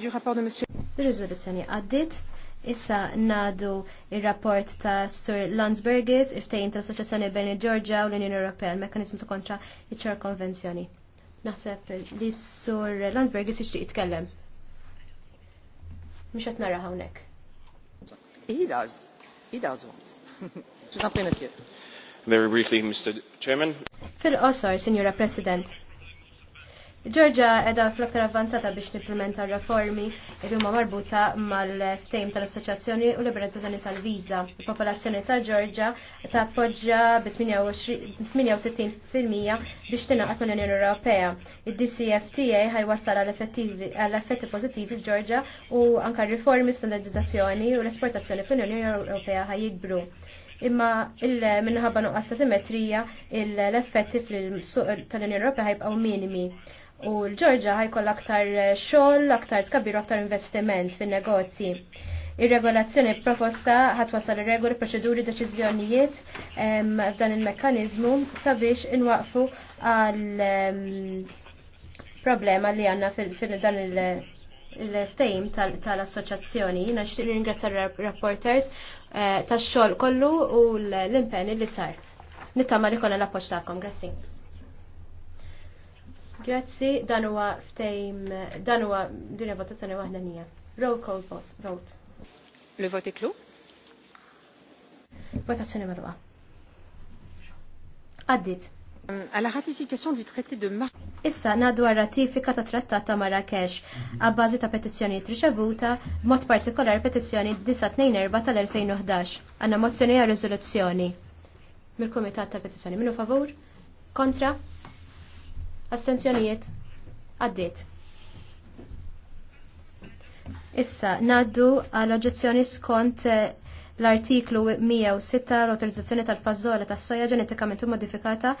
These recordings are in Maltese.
du rapport de monsieur. Rizoluzzjoni għaddit. Issa nadu il-rapport ta' Sir Landsbergis iftejn ta' Assoċjazzjoni bejn il-Ġorġa u l-Unjoni Ewropea l-Mekanizmu ta' kontra iċ-ċar konvenzjoni. Naħseb li Sir Landsbergis ixtieq jitkellem. Mhux qed nara hawnhekk. He does. He does want. Very briefly, Mr. Chairman. Fil-qosor, Signora President. Ġorġa edha fl-aktar avanzata biex nipplementa reformi li huma marbuta mal-ftejm tal-Assoċjazzjoni u Liberazzjoni tal-Viża. Il-popolazzjoni ta' Ġorġa tappoġġa bi 68% biex tingħaqad mal-Unjoni Ewropea. Id-DCFTA ħaj wassal għall-effetti pożittivi f'Ġorġa u anka riformi standardizzazzjoni u l-esportazzjoni fl-Unjoni Ewropea jikbru. imma minħabba nuqqas simmetrija l-effetti fil-suq tal-Unjoni Ewropea ħajbqgħu minimi u l-Ġorġa ħajkoll aktar eh, xogħol, aktar skabir, aktar investiment fin-negozji. Ir-regolazzjoni proposta ħatwasal ir-regoli, proċeduri, deċiżjonijiet f'dan il-mekkaniżmu sabiex inwaqfu għal problema li għanna fil-dan il- il fejm tal-assoċazzjoni. Jina xtiq ringrazzja rapporters eh, tax-xogħol kollu u l-impenni li sar. Nittama li kollha l-appoġġ tagħkom. Grazzi. Grazzi, dan huwa ftejm, dan huwa dinja votazzjoni waħda nija. Roll call vote. vote. Le vote klu? Votazzjoni marwa. Għaddit. Għala um, ratifikazzjoni du traité de Mar Issa nadu għal ratifika ta' trattat ta' Marrakesh għabbażi ta' petizzjoni riċevuta b'mod partikolar petizzjoni 924 tal-2011. Għanna mozzjoni għal riżoluzzjoni mill-Kumitat ta' Petizzjoni. minnu favur? Kontra? Astenzjonijiet? Għaddit. Issa, naddu għal oġezzjoni skont eh, l-artiklu 106 l-autorizzazzjoni tal-fazzola tas soja ġenetikament modifikata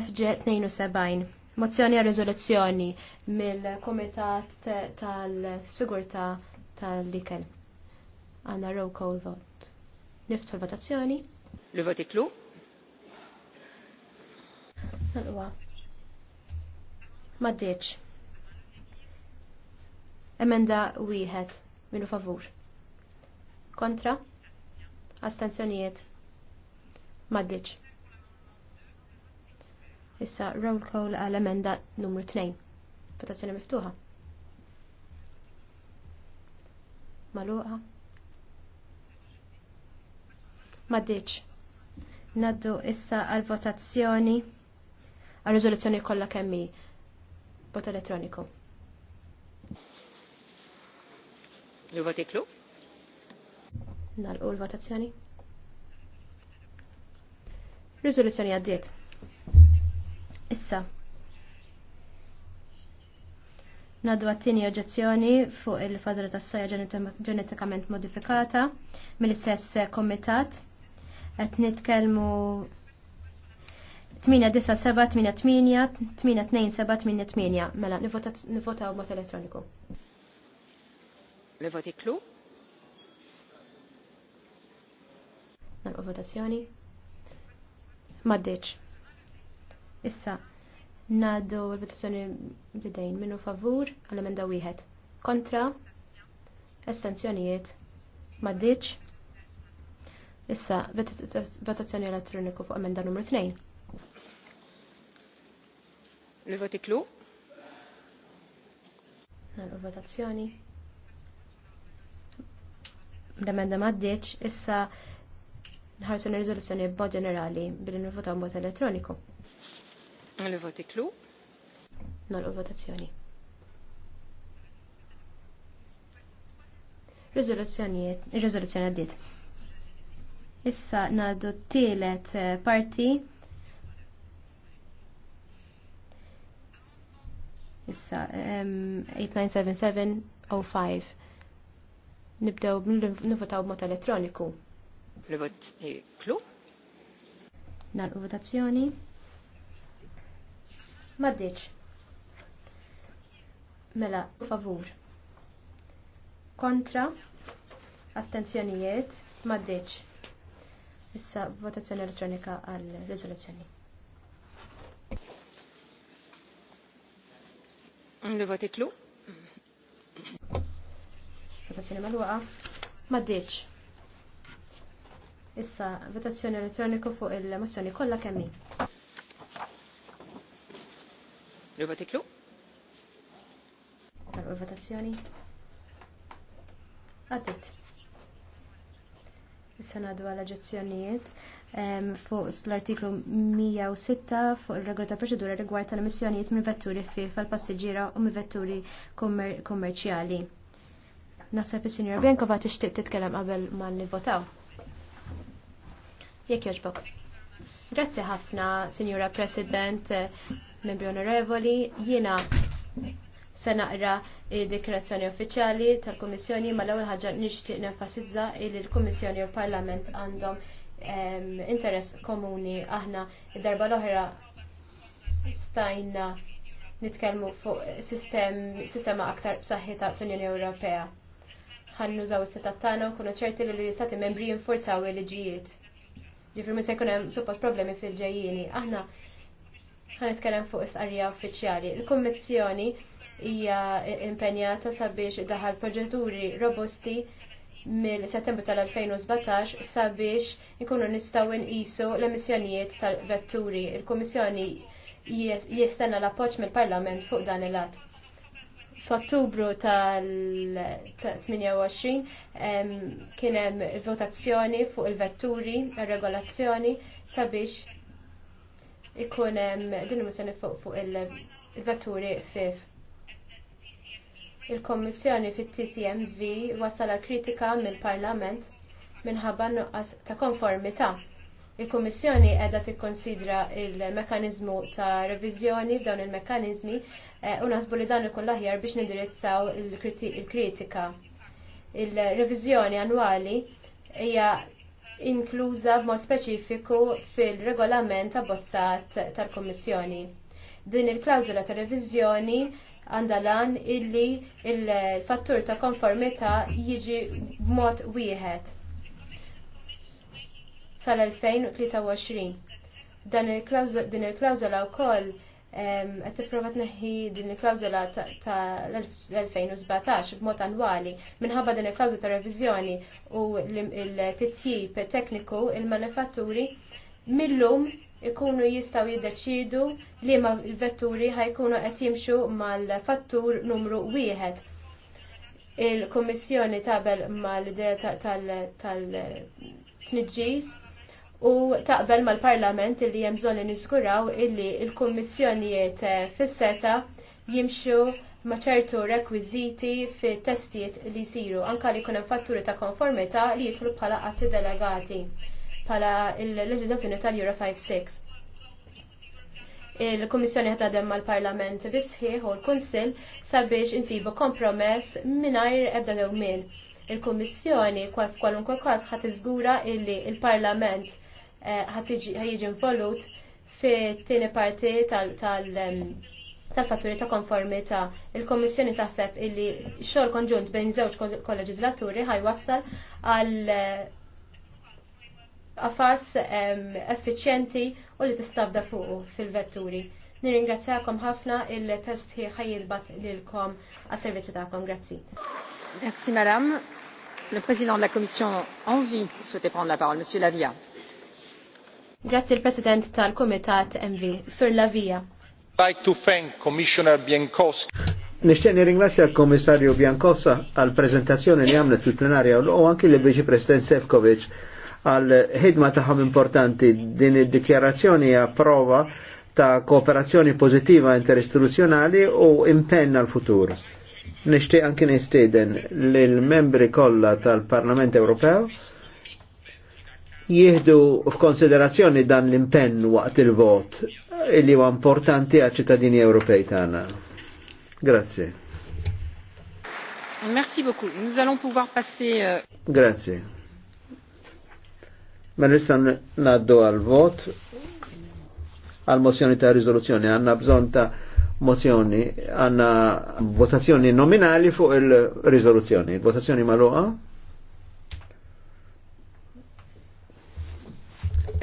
FG72. Mozzjoni għal riżoluzzjoni mill-Komitat tal-Sigurta tal-Likel. Għanna roll call vote. Niftu l-votazzjoni. L-votiklu? Nalwa ma Emenda wieħed minu favur. Kontra? Astenzjonijiet? Ma Issa roll call għal emenda numru 2. Votazzjoni miftuħa. Maluqa. Ma ddiċ. Naddu issa għal votazzjoni għal riżoluzzjoni kollha kemm Vot elettroniku. Il-vot iklu? Nalqu l-votazzjoni. Risoluzzjoni għaddiet. Issa. Naddu għattini oġezzjoni fuq il-fadra tas soja ġenetikament modifikata mill-istess komitat. Qed nitkellmu 897 88 827 8 mela u mod elettroniku. Nivoti klu? Nalqu votazzjoni. Maddeċ. Issa, naddu l-votazzjoni bidejn minnu favur għal-emenda wieħed. Kontra, estensjonijiet, Maddeċ. Issa, votazzjoni elettroniku fuq emenda numru 2 il voti klu. votazzjoni. L-emenda m'għaddiex, issa nħarsu n-riżoluzzjoni b'mod ġenerali billi nivvotaw b'mod elettroniku. il voti klu. Nagħmlu votazzjoni. Riżoluzzjonijiet, Rizoluzzjoni għaddiet. Issa ngħaddu t-tielet eh, parti Issa, 897705. Nibdew nivotaw b'mod elettroniku. Rivot eh, klu? Nar votazzjoni. Maddiċ. Mela, favur. Kontra. Astenzjonijiet. Maddiċ. Issa, votazzjoni elettronika għal-rizoluzzjoni. Le vote est clos. Votazzjoni magħluqa. Maddiċ. Issa votazzjoni elettroniku fuq il-mozzjoni kollha kemm hi. Le vote est votazzjoni Għaddit. Issa ngħaddu għal aġezzjonijiet fuq l-artiklu 106 fuq il-regola ta' proċedura rigward tal-emissjonijiet minn vetturi fif għal passiġġiera u minn vetturi kummerċjali. Nasab is-Sinjor Bjankova tixtieq titkellem qabel ma nivvotaw. Jekk jogħġbok. Grazzi ħafna, Sinjura President, membri onorevoli, jiena se naqra dikrazzjoni uffiċjali tal-Kummissjoni ma l-ewwel ħaġa nixtieq nenfasizza li l-Kummissjoni u l-Parlament għandhom interess komuni aħna id-darba l-oħra stajna nitkellmu fuq sistema aktar b'saħħita fl-Unjoni Ewropea. Ħannu żaw is-setat tagħna u kunu ċerti li l-istati membri jinfurzaw il-liġijiet. Ġifri ma se jkun hemm suppost problemi fil ġejjini Aħna ħan nitkellem fuq is-qarrija uffiċjali. Il-Kummissjoni hija impenjata sabiex daħal proġetturi robusti mill-Settembru tal-2017 sabiex ikunu nistgħu nqisu l-emissjonijiet tal-vetturi. Il-Kummissjoni jistenna l-appoġġ mill-Parlament fuq dan il-att. F'Ottubru tal-28 kien hemm votazzjoni fuq il-vetturi, ir-regolazzjoni sabiex ikun hemm din il-mozzjoni fuq il-vetturi fif. Il-Kommissjoni fit-TCMV wasala kritika mill-Parlament minħabba nuqqas ta' konformità. Il-Kummissjoni qiegħda tikkonsidra il-mekkaniżmu ta' reviżjoni f'dawn il-mekkaniżmi eh, u naħsbu li dan ikun aħjar biex nindirizzaw il-kritika. Il-reviżjoni annwali hija inkluża b'mod speċifiku fil-regolament abbozzat tal-Kummissjoni. Din il klawżula ta' reviżjoni għandalan illi il-fattur ta' konformità jiġi b'mod wieħed sal-2023. Dan il-klawzola wkoll qed tipprova tneħħi din il-klawzola ta' l-2017 b'mod annwali minħabba din il-klawzola ta' reviżjoni u l-titjib tekniku il-manifatturi millum ikunu jistaw jiddeċidu li ma l-vetturi ħajkunu qed jimxu mal-fattur numru wieħed. Il-Kommissjoni tabel mal-idea tal-tniġġis u taqbel mal-Parlament li hemm bżonn niskuraw illi l-Kummissjonijiet fis-seta jimxu ma' ċertu rekwiżiti fit testijiet li jsiru anke li jkun hemm fatturi ta' konformità li jidħlu bħala atti delegati pala il-leġizazzjoni tal-Euro 5-6. Il-Komissjoni demma mal-Parlament bisħiħ u l konsil sabiex insibu kompromess minajr ebda dewmin. Il-Komissjoni kwalunkwe każ ħat iżgura illi il-Parlament eh, ħajjiġi involut fit-tieni parti tal-fatturi ta' konformità. Il-Komissjoni taħseb illi xogħol konġunt bejn żewġ kolleġislaturi ħajwassal għal eh, għafas effiċenti u li tistabda fuqu fil-vetturi. Nirringrazzjakom ħafna il-test ħajjilbat kom għas-servizzi tagħkom. Grazzi. Merci madam. Le président de la commission Envie souhaitait prendre la parole, monsieur Lavia. Grazie il president tal-Komitat Envi, Sur Lavia. I'd Like to thank Commissioner Bienkowski. Nishtiq nirringrazzja l-Komissarju Biancosa għal prezentazzjoni li għamlet fil-plenarja u anki l-Viċi President Sefcovic għal ħidma tagħhom importanti din id-dikjarazzjoni hija prova ta' kooperazzjoni pozittiva interistituzzjonali u impenn għal futur. Nixtieq anki nistieden l membri kollha tal-Parlament Ewropew jieħdu f'konsiderazzjoni dan l-impenn waqt il-vot li huwa importanti għal ċittadini Ewropej tagħna. Grazie. Merci beaucoup. Nous allons pouvoir passer. Euh, Grazie. Men nista naddu għal-vot għal-mozzjoni ta' rizoluzzjoni. Għanna bżon ta' mozzjoni, għanna votazzjoni nominali fuq il-rizoluzzjoni. Votazzjoni maluqa?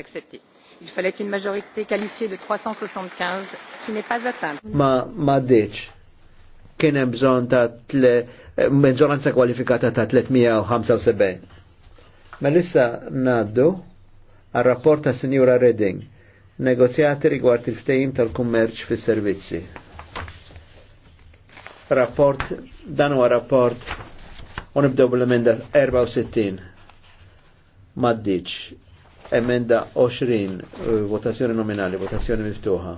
Accepti. Il fallait une majorité qualifiée de 375 qui n'est pas atteinte. Ma, ma deċ kien hemm bżonn ta' maġġoranza kwalifikata ta' 375. Ma issa naddu għal rapport ta' Sinjura Redding, negozjati rigward il-ftejim tal-kummerċ fis servizzi Rapport, dan huwa rapport, u nibdew bil-emenda 64, maddiċ, emenda 20, eh, votazzjoni nominali, votazzjoni miftuħa.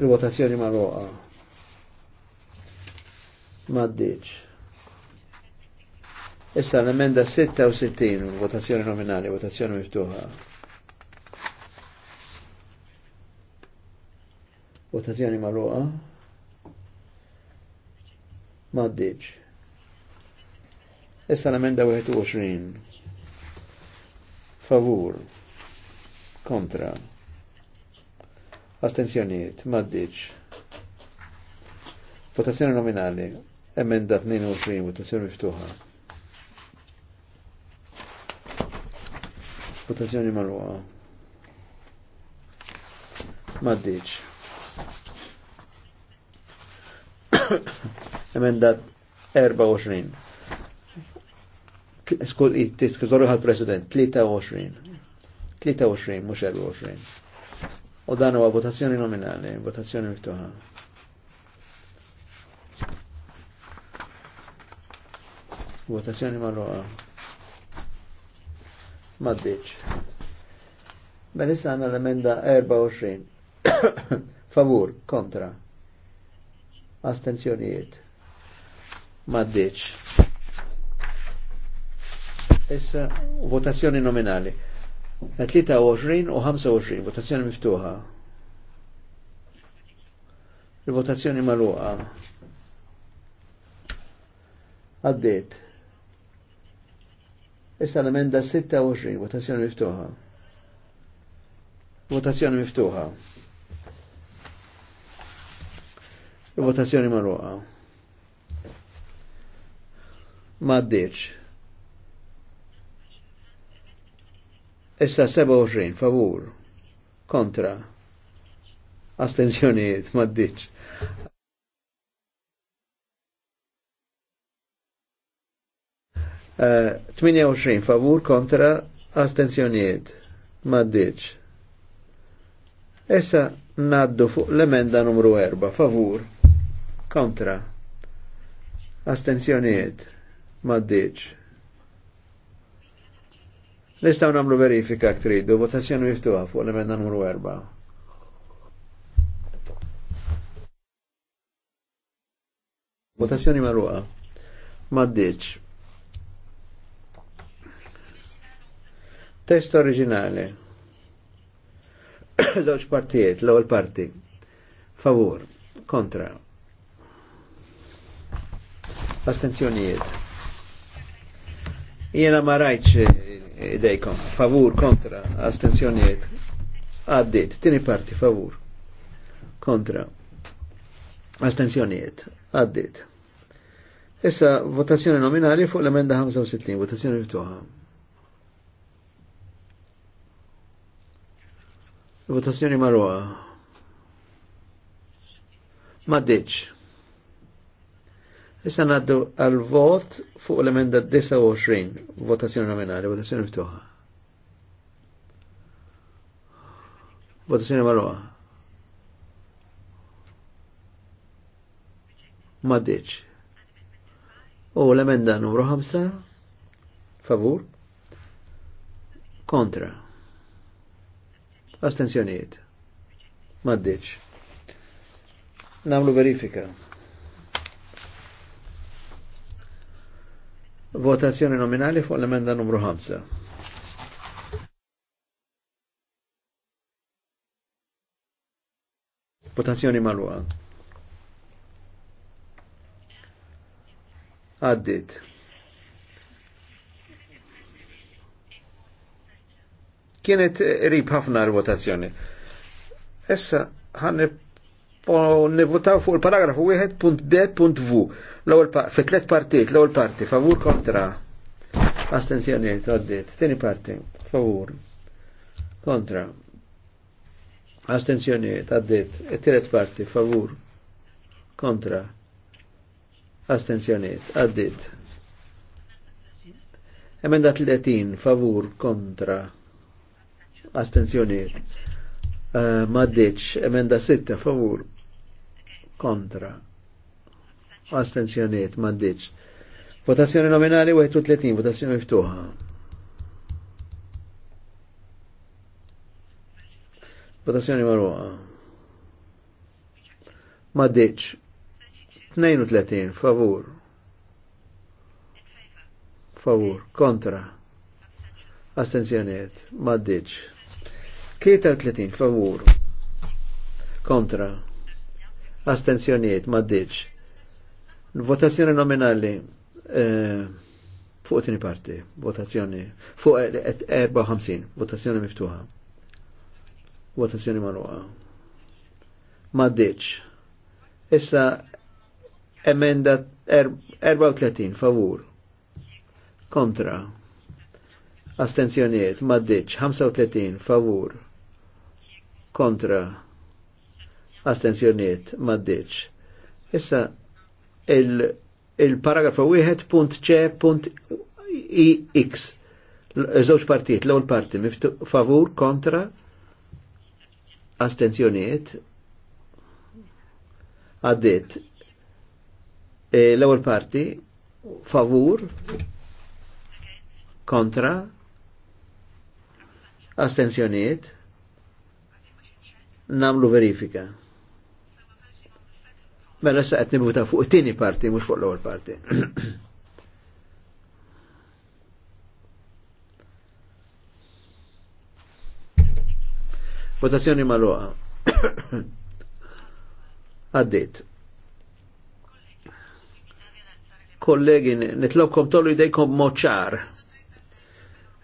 Il-votazzjoni marruqa maddiċ. Issa l-emenda 66, votazzjoni nominali, votazzjoni miftuħa. Votazzjoni maluqa. Maddiċ. Issa l-emenda 21. Favur. Kontra. Astenzjoniet. Maddiċ. Votazzjoni nominali emenda 22 u votazzjoni miftuħa. Votazzjoni marwa. Maddiċ. emenda 24. Skur, skużorri għal-president, 23. 23, mux 24. U dan huwa votazzjoni nominali, votazzjoni miftuħa. Votazzjoni marruqa. Maddiċ. Melissa għanna l-emenda 24. Favur, kontra. Astenzjonijiet. Maddiċ. Issa votazzjoni nominali. 23 u 25, votazzjoni miftuħa. Il-votazzjoni maluqa. Għaddit. Issa l-emenda 26, votazzjoni miftuħa. Votazzjoni miftuħa. Votazzjoni marruqa. Maddiċ. Issa 27, favur. Kontra. Astenzjoniet, maddiċ. 28 eh, favur kontra astenzjonijiet. Maddiċ. Essa naddu fuq l-emenda numru 4 favur kontra astenzjonijiet. Maddiċ. Nistaw namlu verifika tridu, votazzjoni miftuħa fuq l-emenda numru 4. Votazzjoni marruqa. Maddiċ. Test oriġinali. Żewġ partijiet, l-ewwel parti. Favur, kontra. Astenzjonijiet. Jiena ma rajtx idejkom. Favur, kontra, astenzjonijiet. Għaddit, tini parti, favur. Kontra. Astenzjonijiet. Għaddit. Issa votazzjoni nominali fuq l-emenda 65, votazzjoni miftuħa. Votazzjoni marwa. Ma deċ. Issa naddu għal vot fuq l-emenda 29, votazzjoni nominali, votazzjoni ftuħa. Votazzjoni marwa. Ma deċ. U l-emenda numru 5, favur, kontra astenzjoniet. Maddiċ. Namlu verifika. Votazzjoni nominali fuq l-emenda numru 5. Votazzjoni malwa. Għaddit. Kienet rib ħafna l-votazzjoni. Essa ħan nivvotaw fuq il-paragrafu 1.d.v. L-ewwel fi tliet partit, l-ewwel parti favur kontra. Astenzjoni, għaddiet. Tieni parti favur kontra. Astenzjonijiet għaddiet. Tiret parti favur kontra. Astenzjoniet, għaddit. Emenda 30, favur, kontra, astenzjoniet. Uh, eh, Maddiċ, emenda 6, favur, kontra, astenzjoniet, maddiċ. Votazzjoni nominali 31, votazzjoni miftuħa. Votazzjoni marruħa. Maddiċ. 32, favur. Favur, kontra. Astenzjoniet, maddiċ. 33 favur kontra astensjoniet maddiċ votazzjoni nominali eh, fuq tini parti votazzjoni fuq 54 eh, eh, votazzjoni miftuħa votazzjoni marruqa maddiċ issa emenda 34 er-, favur kontra astenzjoniet maddiċ 35 favur kontra astenzjoniet maddiċ. Issa il-paragrafu il, il punt c punt ix żewġ partijiet, l-ewwel parti favur kontra astenzjoniet għaddit e, l-ewwel parti favur kontra astenzjoniet namlu verifika. Mela sa' qed nibuta fuq it parti mhux fuq l-ewwel parti. Votazzjoni magħluqa. Għaddit. Kollegi, nitlokkom tollu dejkom moċar.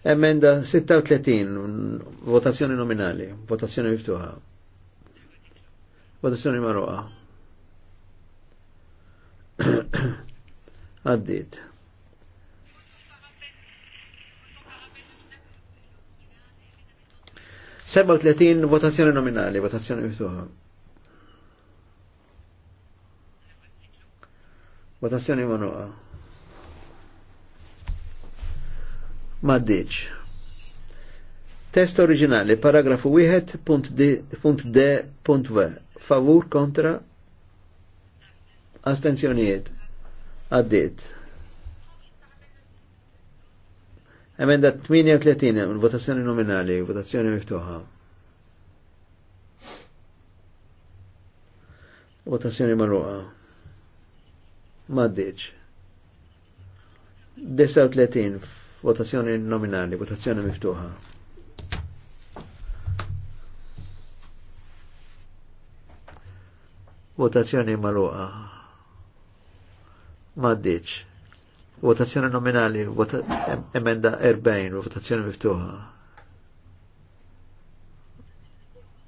Emenda 36, votazzjoni nominali, votazzjoni miftuħa. Votazzjoni marruqa. Għaddit. Seba' 37 votazzjoni nominali, votazzjoni miftuħa. Votazzjoni manuqa. Maddiċ. Test originali, paragrafu 1.d.v favur kontra astenzjonijiet għaddit. Emenda 38, votazzjoni nominali, votazzjoni miftuħa. Votazzjoni marruqa. Maddiċ. 39, votazzjoni nominali, votazzjoni miftuħa. Votazzjoni maluqa. Maddiċ. Votazzjoni nominali, vota, emenda 40, votazzjoni miftuħa.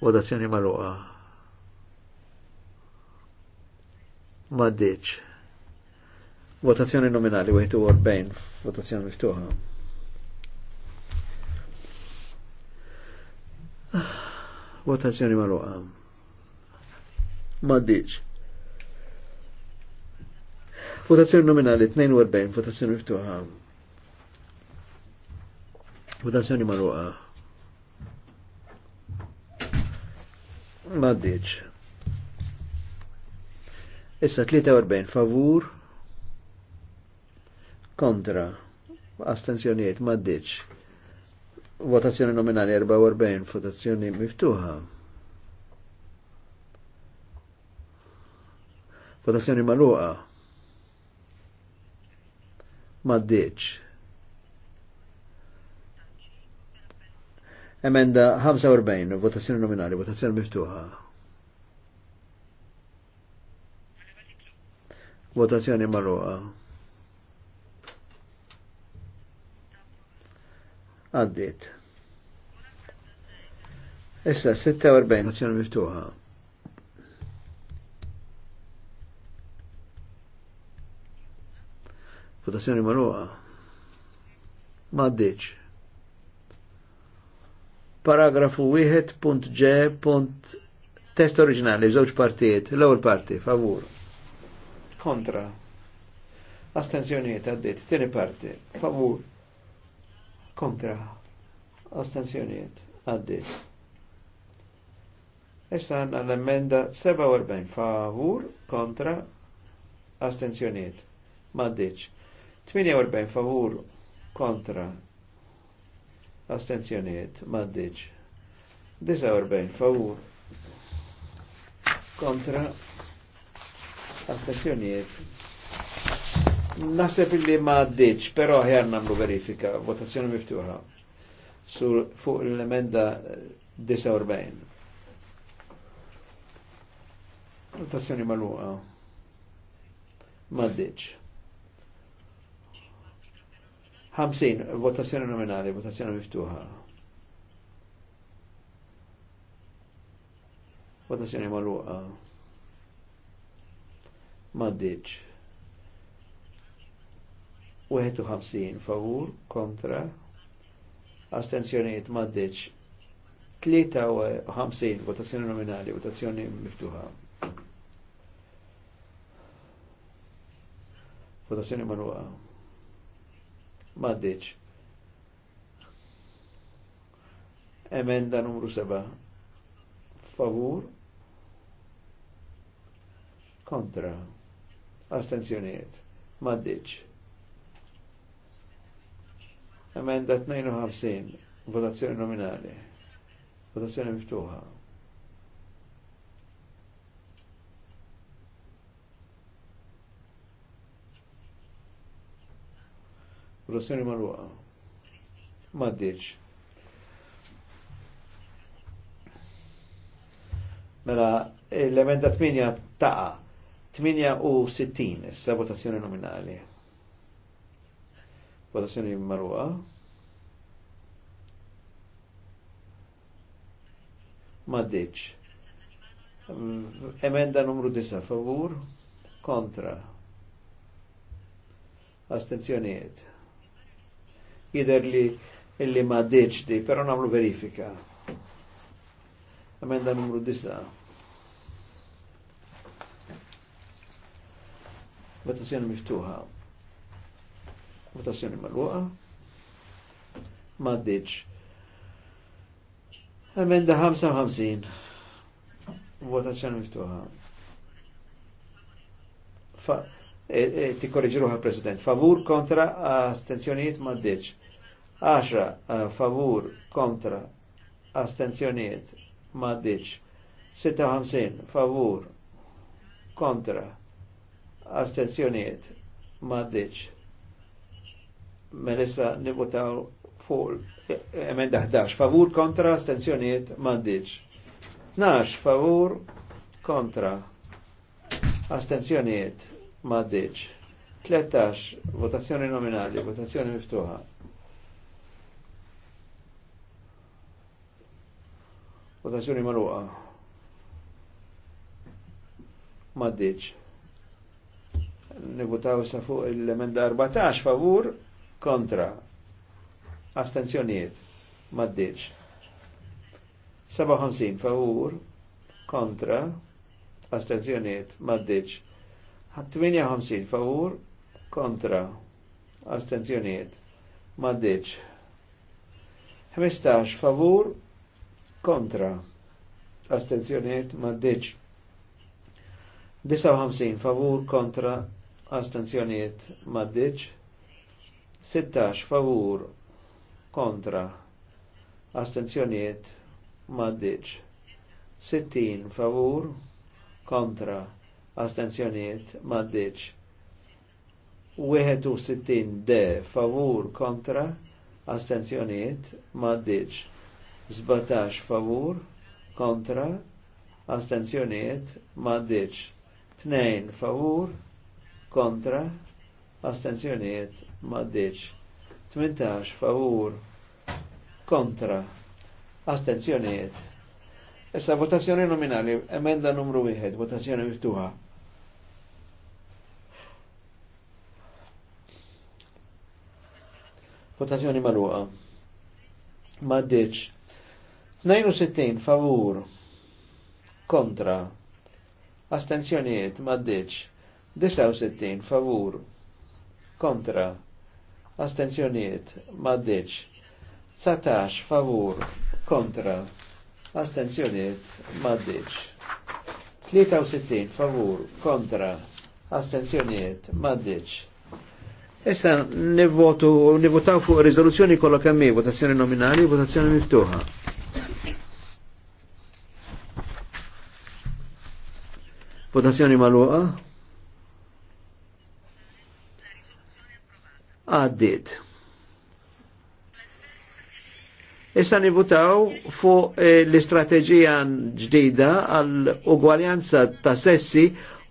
Votazzjoni maluqa. Maddiċ. Votazzjoni nominali, 41, votazzjoni miftuħa. Ah, votazzjoni maluqa maddiċ. Votazzjoni nominali 42, votazzjoni miftuħa. Votazzjoni marruqa. Maddiċ. Issa 43 favur kontra astenzjonijiet maddiċ. Votazzjoni nominali 44, votazzjoni miftuħa. Votazzjoni maluqa. Maddiċ. Emenda 45, votazzjoni nominali, votazzjoni miftuħa. Votazzjoni maluqa. Għaddit. Issa, 46 votazzjoni miftuħa. Votazzjoni marruqa. Ma ddiċ. Paragrafu 1.j. Test oriġinali, żewġ partijiet, l-ewwel parti, favur. Kontra. Astenzjonijiet għaddit, tieni parti, favur. Kontra. Astenzjonijiet għaddit. Issa għandna l-emenda 47 favur kontra astenzjoniet. Maddiċ. 48 favur kontra astenzjoniet maddiċ 49 favur kontra astenzjoniet nasib li maddiċ pero ħjar namlu verifika votazzjoni miftuħa sur fuq l-emenda 49 Votazzjoni maluqa maddiċ 50 votazzjoni nominali, votazzjoni miftuħa. Votazzjoni maluqa. Maddiċ. 51 favur kontra astenzjoniet maddiċ 53 votazzjoni nominali, votazzjoni miftuħa. Votazzjoni manuqa maddiċ. Emenda numru 7. Favur. Kontra. Astenzjoniet. Maddiċ. Emenda 52. Votazzjoni nominali. Votazzjoni miftuħa. Rossini Votazzjoni marruqa. Maddiċ. Mela, l-emenda 8 taqa. 60, issa votazzjoni nominali. Votazzjoni Marwa. marruqa. Maddiċ. Emenda numru 9, favur, kontra. Astenzjonijiet jider li illi ma deċdi, pero namlu verifika. Amenda numru disa. Votazzjoni miftuħa. Votazzjoni maluqa. Ma deċ. Amenda 55. Votazzjoni miftuħa. Fa, e, e, ti korriġiruħa president. Favur kontra astenzjoniet ma deċ. 10 eh, favur kontra astenzjoniet maddiċ 56 favur kontra astenzjoniet maddiċ melissa nibutaw fuq emenda 11 favur kontra astenzjoniet maddiċ 12 favur kontra astenzjoniet maddiċ 13 votazzjoni nominali votazzjoni miftuħa Votazzjoni maluqa. Maddiċ. nivotaw sa fuq l-emenda 14 favur kontra. Astenzjoniet. Maddiċ. 57 favur kontra. Astenzjoniet. Maddiċ. 58 favur kontra. Astenzjoniet. Maddiċ. 15 favur kontra astenzjoniet ma maddiċ 59 favur kontra astenzjoniet ma maddiċ 16 favur kontra astenzjoniet ma maddiċ 60 favur kontra astenzjoniet ma maddiċ 61 de favur kontra astenzjoniet ma maddiċ Zbatax favur kontra astenzjoniet maddiċ Tnejn favur kontra astenzjoniet maddiċ 18 favur kontra astenzjoniet Issa votazzjoni nominali, emenda numru 1, votazzjoni virtuħa. Votazzjoni maluqa. Maddiċ 62 favur kontra astenzjoniet maddiċ 69 favur kontra astenzjoniet maddiċ 19 favur kontra astenzjoniet maddiċ 63 favur kontra astenzjoniet maddiċ Issa nivvotu, nivvotaw fuq rizoluzzjoni kollha kemm votazzjoni nominali, votazzjoni miftuħa. Votazzjoni maluqa. Għaddit. Issa nivutaw fuq eh, l-istrateġija ġdida għal ugwaljanza ta' sessi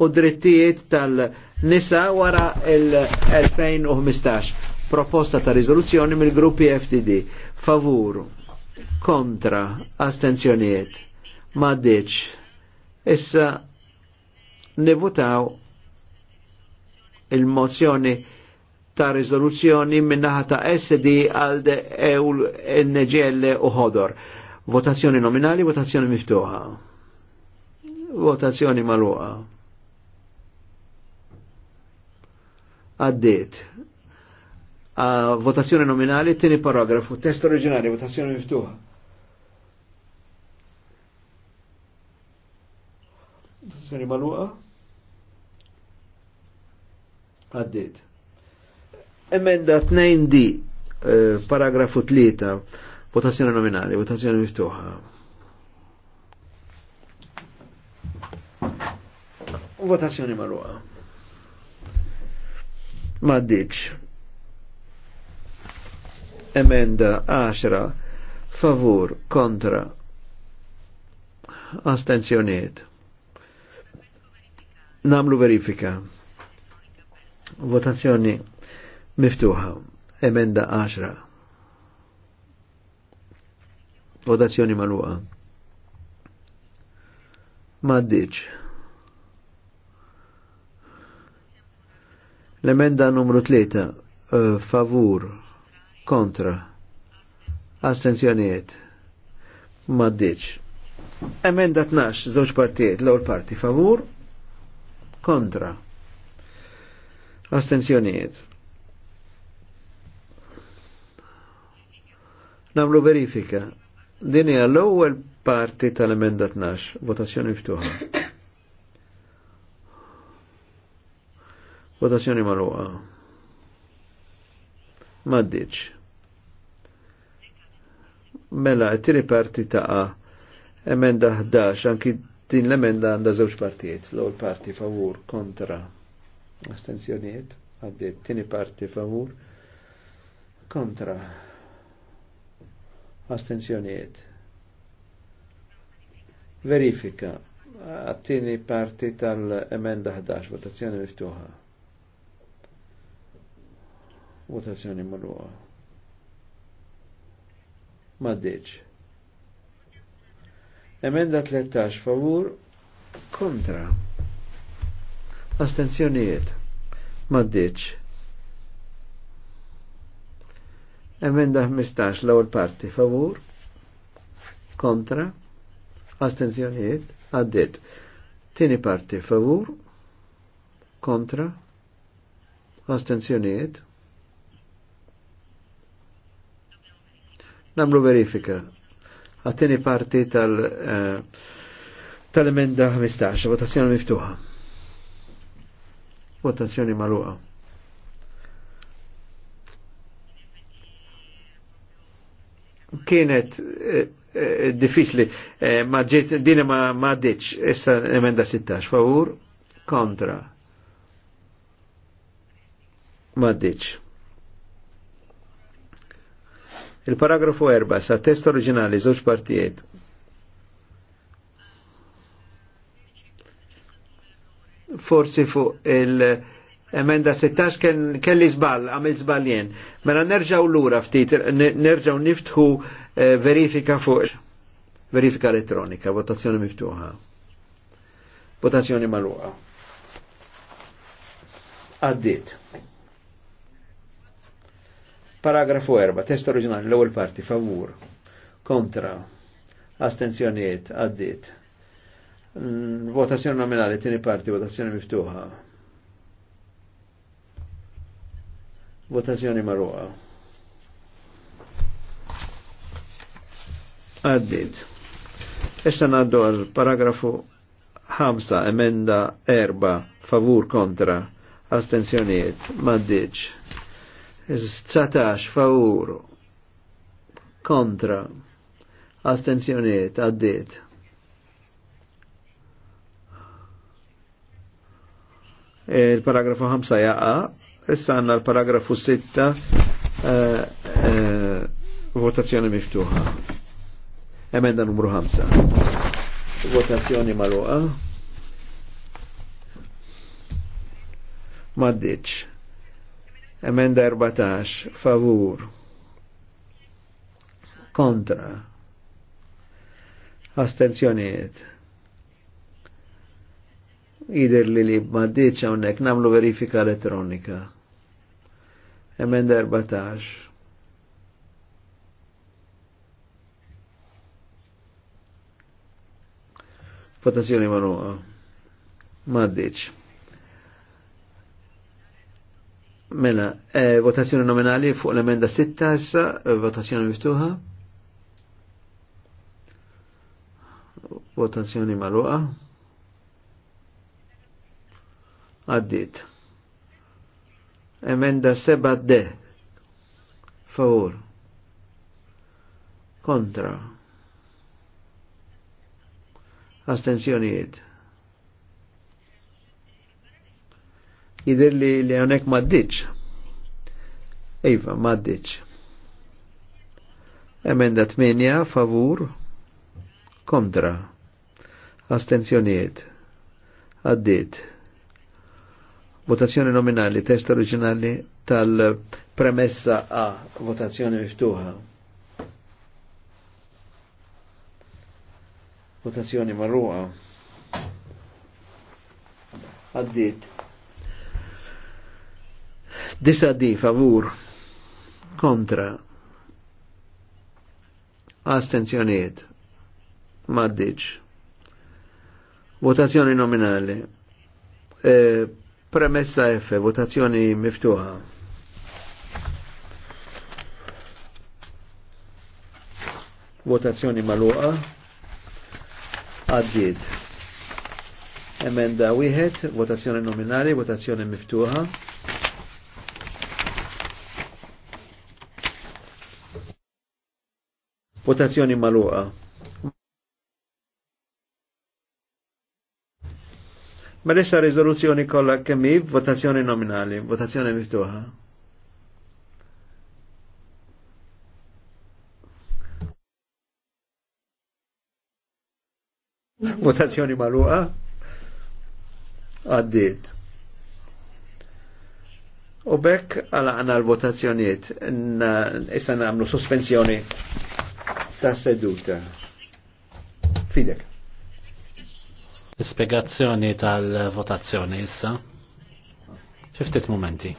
u drittijiet tal-nisa wara l-2015. Proposta ta' rizoluzzjoni mill-gruppi FTD. Favur, kontra, astenzjoniet, maddiċ. Issa nivutaw il-mozzjoni ta' rizoluzzjoni minnaħa ta' SD għal Eul NGL u ħodor. Votazzjoni nominali, votazzjoni miftuħa. Votazzjoni maluqa. Għaddit. Votazzjoni nominali, tini paragrafu, test oriġinali, votazzjoni miftuħa. Votazzjoni maluqa għaddit. Emenda 2D, eh, paragrafu 3, votazzjoni nominali, votazzjoni miftuħa. Votazzjoni marruħa. Ma ddiċ. Emenda 10, favur, kontra, astenzjoniet. Namlu verifika. Votazzjoni miftuħa. Emenda 10. Votazzjoni maluqa. Maddiċ. L-emenda numru 3. Eh, favur. Kontra. Astenzjoniet. Maddiċ. Emenda 12, żewġ partijiet, l-ewwel parti favur, kontra. Astenzjonijiet. Namlu verifika. Din hija l-ewwel parti tal-emenda 12, votazzjoni ftuħa. Votazzjoni magħluqa. Maddiċ. Mela, t-tiri parti ta' emenda 11, anki din l-emenda għanda żewġ partijiet, l-ewwel parti favur kontra astenzjoniet t tini parti favur kontra astenzjoniet verifika għattini parti tal-emenda 11 votazzjoni miftuħa votazzjoni marruħa maddiċ emenda 13 favur kontra Astenzjonijiet. Maddiċ. Emenda 15 l-ewwel parti favur. Kontra. Astenzjonijiet. Għaddiet. Tieni parti favur. Kontra. Astenzjonijiet. Namlu verifika. Għattini parti tal- eh, tal-emenda 15, votazzjoni miftuħa. Votazzjoni maluqa. Kienet eh, eh, diffiċli, eh, ma ġiet din ma ma issa emenda 16, favur, kontra. Ma ditx. Il-paragrafu 4 sa test oriġinali żewġ partijiet forsi fuq il-emenda 16 kelli zbal, għamil zbal jen. Mela nerġaw l-ura ftit, nerġaw niftħu eh, verifika fuq verifika elettronika, votazzjoni miftuħa. Votazzjoni maluqa. Għaddit. Paragrafu 4, test oriġinali, l-ewwel parti, favur, kontra, astenzjoniet, għaddit Votazzjoni nominali, tieni parti, votazzjoni miftuħa. Votazzjoni marruħa. Għaddit. Issa naddu għal paragrafu 5, emenda 4, favur kontra, astenzjoniet, maddiċ. 19, favur, kontra, astenzjoniet, għaddit. il-paragrafu 5 jaqa, issa għanna l-paragrafu 6 eh, eh, votazzjoni miftuħa. Emenda numru 5. Votazzjoni maluqa. Maddiċ. Emenda 14. Favur. Kontra. Astenzjoniet jider li li b'maddiċ għonek namlu verifika elettronika. Emenda 14. Votazzjoni manuqa. Maddiċ. Mela, eh, votazzjoni nominali fuq l-emenda 6 issa, eh, votazzjoni miftuħa. Votazzjoni maluqa. Għaddit. Emenda Seba d Favur. Kontra. Astenzjonijiet. Jidir li li għonek maddiċ. Ejva, maddiċ. Emenda 8, favur, kontra. Astenzjoniet. Addit votazzjoni nominali, test oriġinali tal-premessa A, votazzjoni miftuħa. Votazzjoni marruqa. Għaddit. Disa di favur kontra astenzjoniet maddiċ votazzjoni nominali eh, Premessa F, votazzjoni miftuħa. Votazzjoni maluqa. Għaddiet. Emenda wieħed, votazzjoni nominali, votazzjoni miftuħa. Votazzjoni maluqa. Ma issa rizoluzzjoni kollha kemm votazzjoni nominali, votazzjoni miftuħa. Votazzjoni maluqa? Għaddit. U bekk għana l-votazzjoniet, issa namlu sospensjoni ta' seduta. Fidek. L-spiegazzjoni tal-votazzjoni issa. Xiftit momenti.